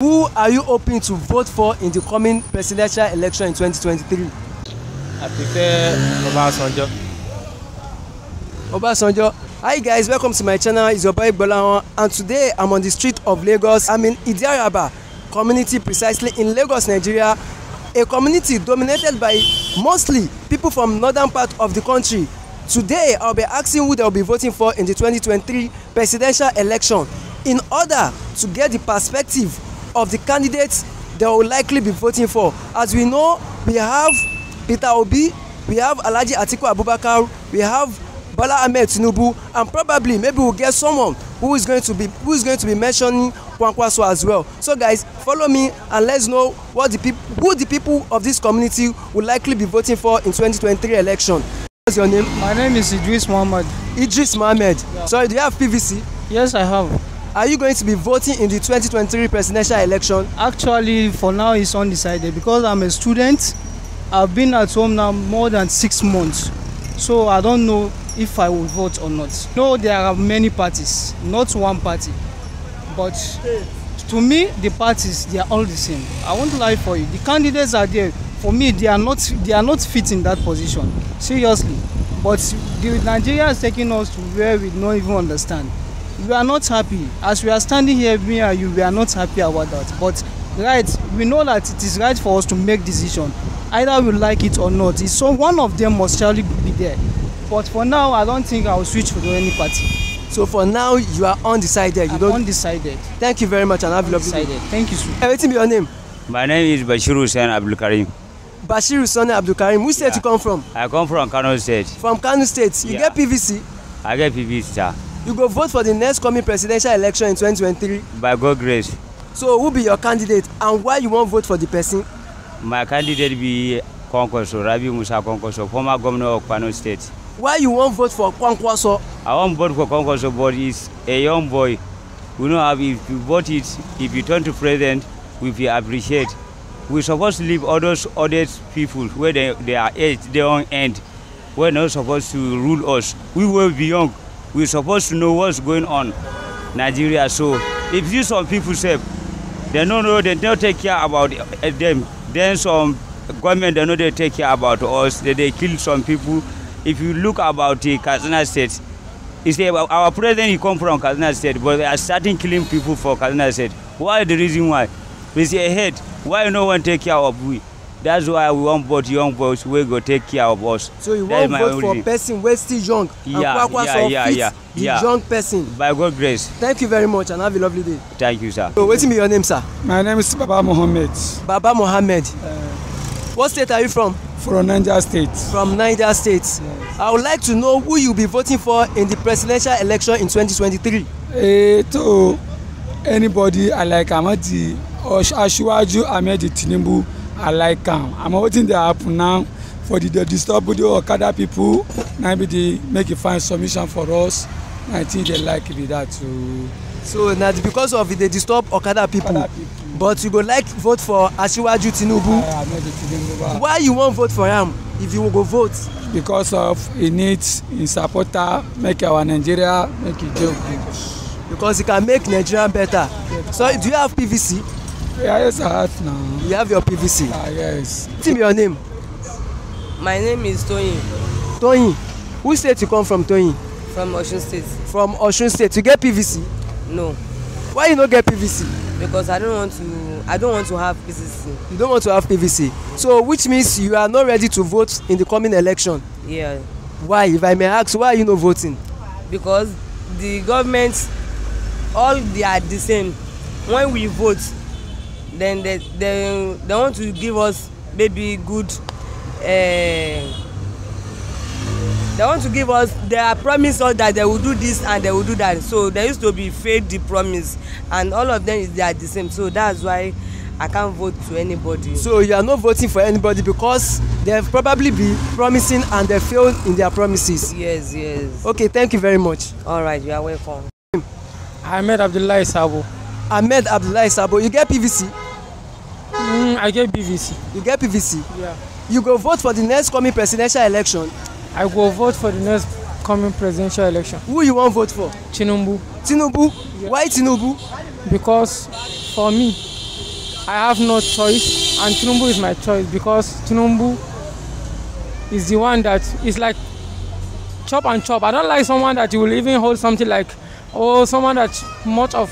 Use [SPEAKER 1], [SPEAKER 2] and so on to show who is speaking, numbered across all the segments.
[SPEAKER 1] Who are you hoping to vote for in the coming presidential election in 2023?
[SPEAKER 2] I prefer Obasanjo.
[SPEAKER 1] Obasanjo. Hi guys, welcome to my channel. It's your boy Gbolahan and today I'm on the street of Lagos. I'm in Idiaraba community precisely in Lagos, Nigeria. A community dominated by mostly people from northern part of the country. Today I'll be asking who they'll be voting for in the 2023 presidential election in order to get the perspective of the candidates they will likely be voting for as we know we have Peter Obi we have Alhaji Atiku Abubakar we have Bala Ahmed Tinubu and probably maybe we'll get someone who is going to be who is going to be mentioning Kwankwaso as well so guys follow me and let's know what the people who the people of this community will likely be voting for in 2023 election what's your name my name is Idris Mohammed Idris Mohammed yeah. sorry do you have PVC yes I have Are you going to be voting in the 2023 presidential election? Actually, for now, it's undecided because I'm a student. I've been at home now more than six months, so I don't know if I will vote or not. No, there are many parties, not one party. But to me, the parties they are all the same. I won't lie for you. The candidates are there. For me, they are not they are not fit in that position. Seriously. But the Nigeria is taking us to where we don't even understand we are not happy as we are standing here me and you we are not happy about that but right we know that it is right for us to make decision either we like it or not so one of them must surely be there but for now i don't think i will switch to any party. so for now you are undecided. you I'm undecided. thank you very much and have a lovely day. undecided thank you
[SPEAKER 3] sir. Hey, wetin be your name. my name is bashir hussein abdulkarim. bashir hussein abdulkarim which yeah. state you come from. i come from kano state. from kano state you yeah. get pvc. i get pvc sir
[SPEAKER 1] you go vote for the next coming presidential election in 2023?
[SPEAKER 3] by god grace.
[SPEAKER 1] so who be your candidate and why you wan vote for the person?
[SPEAKER 3] my candidate be kwankwaso rabi musa kwankwaso former governor of kano state. why you wan vote for kwankwaso. i wan vote for kwankwaso but is a young boy we know how if you vote it if you turn to president we fit appreciate we suppose leave all those other people wey dey their age dey on end wey no suppose to rule us we wey be young we're supposed to know what's going on nigeria so if you some people they don't know don't take care about eh, them, then some government they know they take care about us They they kill some people if you look about the eh, katsina state you say our president he come from katsina state but they are starting killing people for katsina state why the reason why we say ahead why you no one take care of we that's why we wan vote young boys wey go take care of us. so you wan vote for
[SPEAKER 1] person wey still young yeah, and kwakwaso yeah, yeah, fit yeah, the yeah. young
[SPEAKER 3] person. by god grace. thank you very much and have a lovely day. thank you sir.
[SPEAKER 1] so wetin be your name sir. my name is baba mohammed. baba mohammed. Uh, what state are you from. from niger state. from niger state. Yes. i would like to know who you be voting for in the presidential election in 2023. ètò e, anybody i like amadi
[SPEAKER 2] aṣíwájú ahmed tinubu i like am and wetin dey happen now for the dey disturb the okada people na be the make e find submission for us na
[SPEAKER 1] i think dey like be that o. so na because of e dey disturb okada people, people but you go like vote for asiwaju tinubu why you wan vote for am if you go vote. because of he needs e supporter make our nigeria make e dey good. because he can make nigeria better so do you have pvc.
[SPEAKER 2] Yes, I have
[SPEAKER 1] now. You have your PVC? Ah, yes. Tell me your name. My name is Tony. Tony, Which state you come from, Tony? From Osun State. From Osun State. You get PVC? No. Why you no get PVC? Because I don't want to I don't want to have PVC. You don't want to have PVC. So which means you are not ready to vote in the coming election? Yeah. Why? If I may ask, why are you not voting? Because the government all they are the same. When we vote, then they they they want to give us maybe good uh, they want to give us they are promise us that they will do this and they will do that so there used to be fake the promise and all of them is they are the same so that's why i can't vote to anybody. so you are not voting for anybody because they have probably be promising and they failed in their promises. yes yes. okay thank you very much. all right you are welcome. ahmed abdullahi sabo. ahmed abdullahi sabo you get pvc. Mm, I get PVC. You get PVC? Yeah. You go vote for the next
[SPEAKER 2] coming presidential election? I go vote for the next coming presidential election. Who you want vote for? Tinubu. Tinubu? Yeah. Why Tinubu? Because for me, I have no choice and Tinubu is my choice because Tinubu is the one that is like chop and chop. I don't like someone that will even hold something like, oh, someone that much of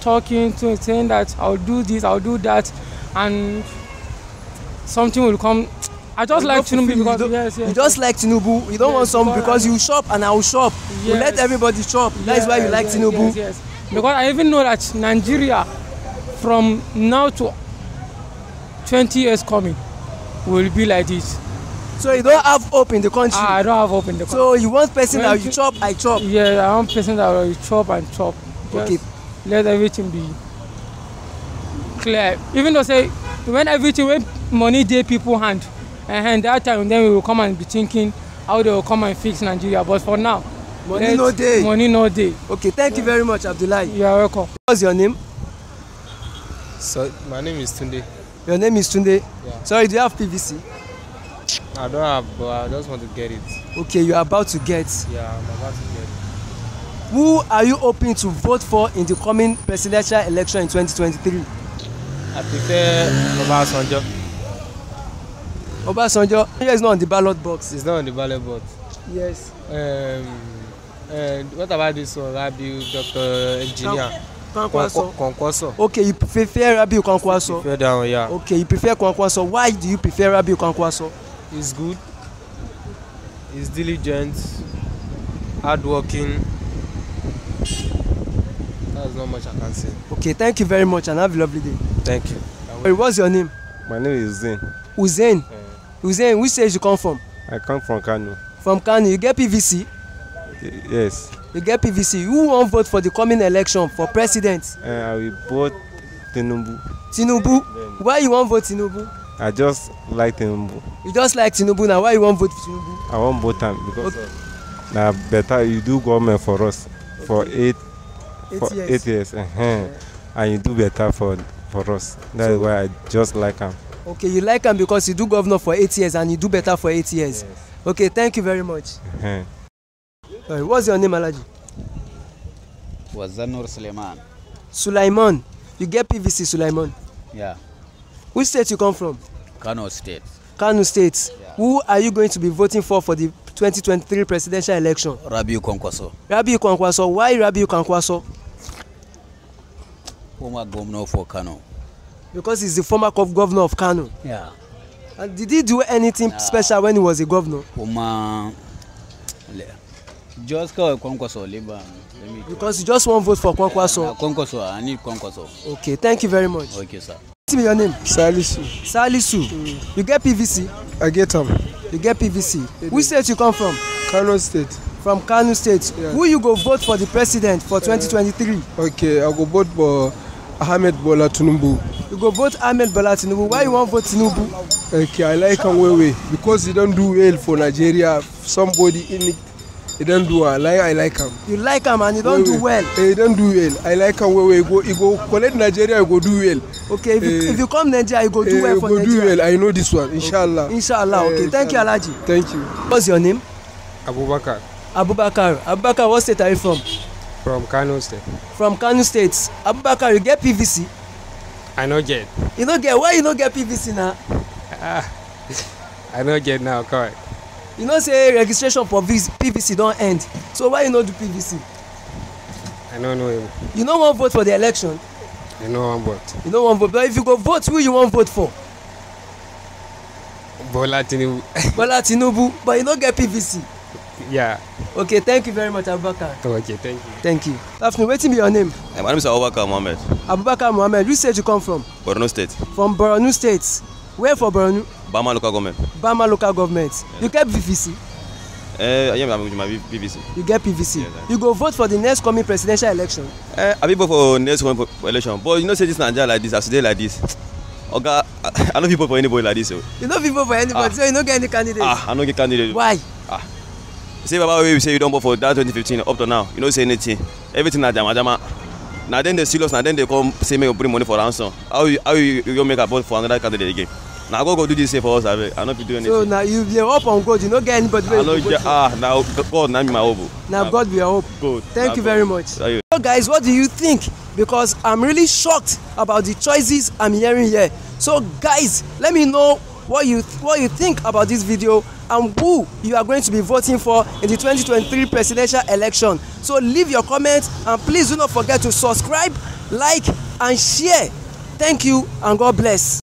[SPEAKER 2] talking to saying that I'll do this, I'll do that. and something will come. I just you like Tinubu because you, yes, yes, you just like Tinubu. You don't yes, want some because you shop and I will shop. Yes, you let everybody shop. Yes, That's why you like yes, Tinubu. Yes, yes. Because I even know that Nigeria, from now to 20 years coming, will be like this. So you don't have hope in the country. Ah, I don't have hope in the country. So you want person that you chop, I chop. Yeah, I want person that will chop and chop. Just okay. Let everything be clear even though say when everything wey money dey people hand eh, and that time then we will come and be thinking how they will come and fix nigeria but for now money no day.
[SPEAKER 1] money no day. okay thank yeah. you very much abdullahi you are welcome what's your name
[SPEAKER 2] so my name is tunde
[SPEAKER 1] your name is tunde yeah. sorry do you have pvc
[SPEAKER 2] I don't have, but I just want to get it.
[SPEAKER 1] Okay, you are about to get.
[SPEAKER 2] Yeah, I'm about to get
[SPEAKER 1] Who are you hoping to vote for in the coming presidential election in 2023?
[SPEAKER 2] àti fẹ́ Ọbásanjọ́.
[SPEAKER 1] Obasanjo. Nigeria is not on the ballot box. It's not on the ballot box. Yes. Um, uh, what about this one, Rabiu, Doctor Engineer? Kankwaso. Kwankwaso. Okay, you prefer Rabiu Kankwaso. Prefer that one, yeah. Okay, you prefer Kankwaso. Why do you prefer Rabiu Kwankwaso? He's good. He's diligent, hardworking not much I can say. Okay, thank you very much and have a lovely day. Thank you. Wait, what's your name? My name is Uzain. Uzain? Uh, eh. Uzain, which state you come from? I come from Kano. From Kano, you get PVC? Y yes. You get PVC. Who won't vote for the coming election for president? Uh, I will vote Tinubu. Tinubu? Then. Why you won't vote Tinubu?
[SPEAKER 3] I just like Tinubu.
[SPEAKER 1] You just like Tinubu now. Why you won't vote Tinubu?
[SPEAKER 3] I won't vote him because okay. na better you do government for us okay. for eight eight for years. eight uh-huh. years. Uh -huh. And you do better for for us. That's so, why I just like him.
[SPEAKER 1] Okay, you like him because you do governor for eight years and you do better for eight years. Yes. Okay, thank you very much. Uh -huh. what's your name, Alaji?
[SPEAKER 3] Wazanur Suleiman.
[SPEAKER 1] Suleiman. You get PVC, Suleiman? Yeah. Which state you come from?
[SPEAKER 3] Kano State.
[SPEAKER 1] Kano State. Yeah. Who are you going to be voting for for the 2023 presidential election.
[SPEAKER 3] Rabiu Kankwaso.
[SPEAKER 1] Rabiu Kankwaso. why Rabiu Kwankwaso.
[SPEAKER 3] former governor for Kano.
[SPEAKER 1] because he's the former governor of Kano. Yeah. and did he do anything yeah. special when he was a governor.
[SPEAKER 3] former just call Kwankwaso labour.
[SPEAKER 1] because you just wan vote for Kankwaso. Yeah,
[SPEAKER 3] Kwankwaso I need Kankwaso.
[SPEAKER 1] okay thank you very much. okay sir. wetin be your name. salisu. salisu mm. you get pvc. i get am. You get pvc which state you come from. kano state. from kano state yeah. who you go vote for the president for 2023. Uh, okay i go vote for ahmed bola tinubu. you go vote ahmed bola tinubu why you wan vote tinubu. okay i like am well well because he don do well for nigeria somebody in He don do am like i like am. you like am and he don do well. He don do well i like am well well e go He go collect nigeria He go do well. okay if you eh, if you come nigeria you go do well for nigeria. He go do eh, well i know this one inshallah. inshallah okay eh, thank you alhaji. thank you. what's your name. abubakar. abubakar abubakar what state are you from.
[SPEAKER 3] from kano state.
[SPEAKER 1] from kano state abubakar you get pvc. i no get. you no get why you no get pvc na. ah
[SPEAKER 3] i no get now correct you
[SPEAKER 1] know say registration for pvc don end so why you no do pvc. i no know him. you no wan vote for the election.
[SPEAKER 3] i no wan vote.
[SPEAKER 1] you no wan vote but if you go vote who you wan vote for.
[SPEAKER 3] bola tinubu.
[SPEAKER 1] bola tinubu but you no get pvc. yeah. okay thank you very much abubakar. okay thank you. thank you. afternoon wetin be your name. Hey, my name is abubakar mohammed. abubakar mohammed which state you come from. borno state. from borno state where for borno. Bama local government. Bama local government. Yeah. You get VVC? Uh, eh, yeah, I'm with my PVC. You get PVC. Yes, you go vote for the next coming presidential election. Uh, I will vote for next coming election, but you know say this Nigeria like this, as today like this. Oga, okay, I no fit vote for anybody like this. So. Oh. You no fit vote for anybody, ah. so you no get any candidate. Ah, I no get candidate. Why? Ah. Say Baba wey say you don vote for that 2015 up to now, you no say anything. Everything na jama jama. Na then dey serious, na then dey come say make you bring money for ransom.
[SPEAKER 3] How you how you, you go make I vote for another candidate again? na god go do this thing for us abeg i no fit do anything. so na
[SPEAKER 1] you dey hope on god you no get anybody wey you go go
[SPEAKER 3] ah na god na be my hope.
[SPEAKER 1] na god be your hope. god thank you very much. so guys what do you think because i'm really shocked about the choices i'm hearing here so guys let me know what you what you think about this video and who you are going to be voting for in the 2023 presidential election so leave your comment and please do not forget to subscribe like and share thank you and god bless.